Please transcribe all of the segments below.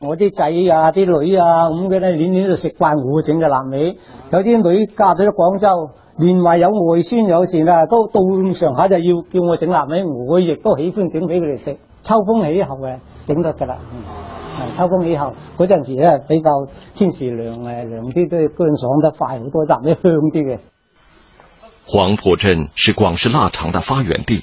我啲仔啊、啲女啊，咁嘅咧，年年都食慣我整嘅臘味。有啲女嫁咗喺廣州，年年有外孫有孫啊，都到咁上下就要叫我整臘味，我亦都喜歡整俾佢哋食。秋風起後嘅整得噶啦、嗯，秋風起後嗰陣時咧，比較天時涼誒，涼啲都乾爽得快好多，臘味香啲嘅。黃埔鎮是廣式臘腸的發源地。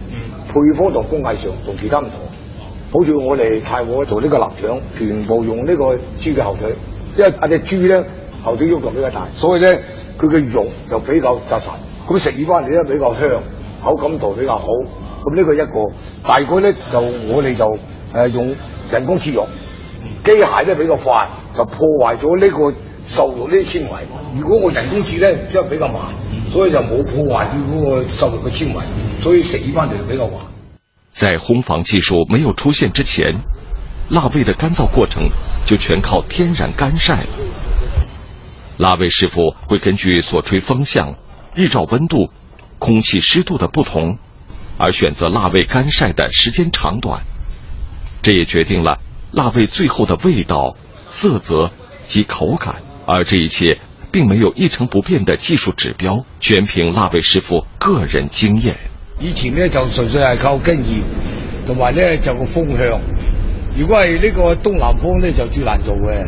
配方同工藝上同其他唔同，好似我哋太和做呢個臘腸，全部用呢個豬嘅後腿，因為阿隻豬咧後腿要求比較大，所以咧佢嘅肉就比較扎實，咁食完翻嚟咧比較香，口感度比較好，咁呢個一個。大概咧就我哋就誒用人工切肉，機械咧比較快，就破壞咗呢個。瘦肉呢啲纖維，如果我人工煮呢，將比較慢，所以就冇破壞住嗰個瘦肉嘅纖維，所以食起返嚟比較滑。在烘房技術沒有出現之前，臘味的乾燥過程就全靠天然乾曬。臘味師傅會根據所吹風向、日照溫度、空氣濕度的不同，而選擇臘味乾曬的時間長短，這也決定了臘味最後的味道、色澤及口感。而這一切，並沒有一成不變的技術指標，全憑臘味師傅個人經驗。以前咧就純粹係靠經驗，同埋咧就個、是、風向。如果係呢個東南風咧就最難做嘅，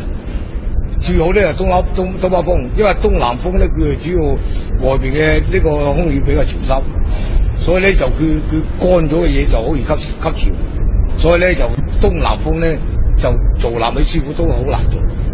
最好咧就東北東東北風，因為東南風咧佢係主要外邊嘅呢個空氣比較潮濕，所以咧就佢佢乾咗嘅嘢就好易吸吸潮，所以咧就東南風咧就做臘味師傅都好難做。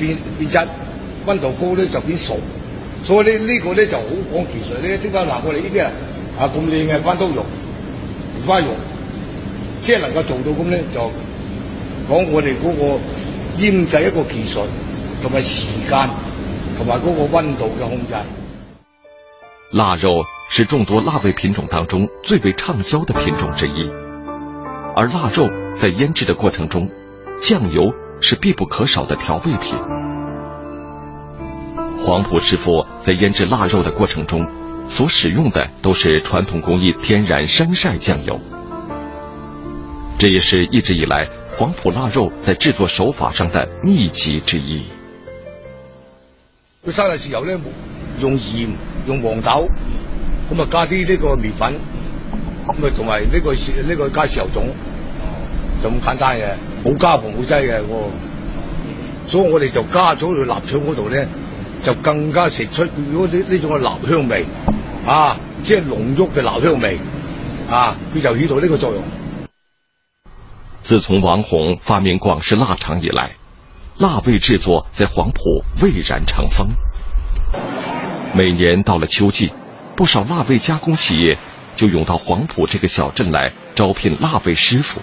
變變質，溫度高咧就變熟，所以咧呢個咧就好講技術咧。點解嗱？我哋呢啲啊，啊咁靚嘅關刀肉，五花肉，即係能夠做到咁咧，就講我哋嗰個醃製一個技術，同埋時間，同埋嗰個溫度嘅控制。臘肉是眾多臘味品種當中最為暢銷的品種之一，而臘肉在醃製的過程中，醬油。是必不可少的調味品。黃浦師傅在腌製臘肉的過程中，所使用的都是傳統工藝天然生曬醬油，這也是一直以來黃浦臘肉在製作手法上的秘籍之一。佢生曬豉油呢，用鹽，用黃豆，咁啊加啲呢個麵粉，咁啊同埋呢個呢個加豉油種，就咁簡單嘅。冇加防腐劑嘅喎，所以我哋就加咗去臘腸嗰度，呢就更加食出如果呢呢種嘅臘香味啊，即係濃郁嘅臘香味啊，佢就起到呢個作用。自從王洪發明廣式臘腸以來，臘味製作在黃埔蔚然成風。每年到了秋季，不少臘味加工企業就湧到黃埔這個小鎮來招聘臘味師傅。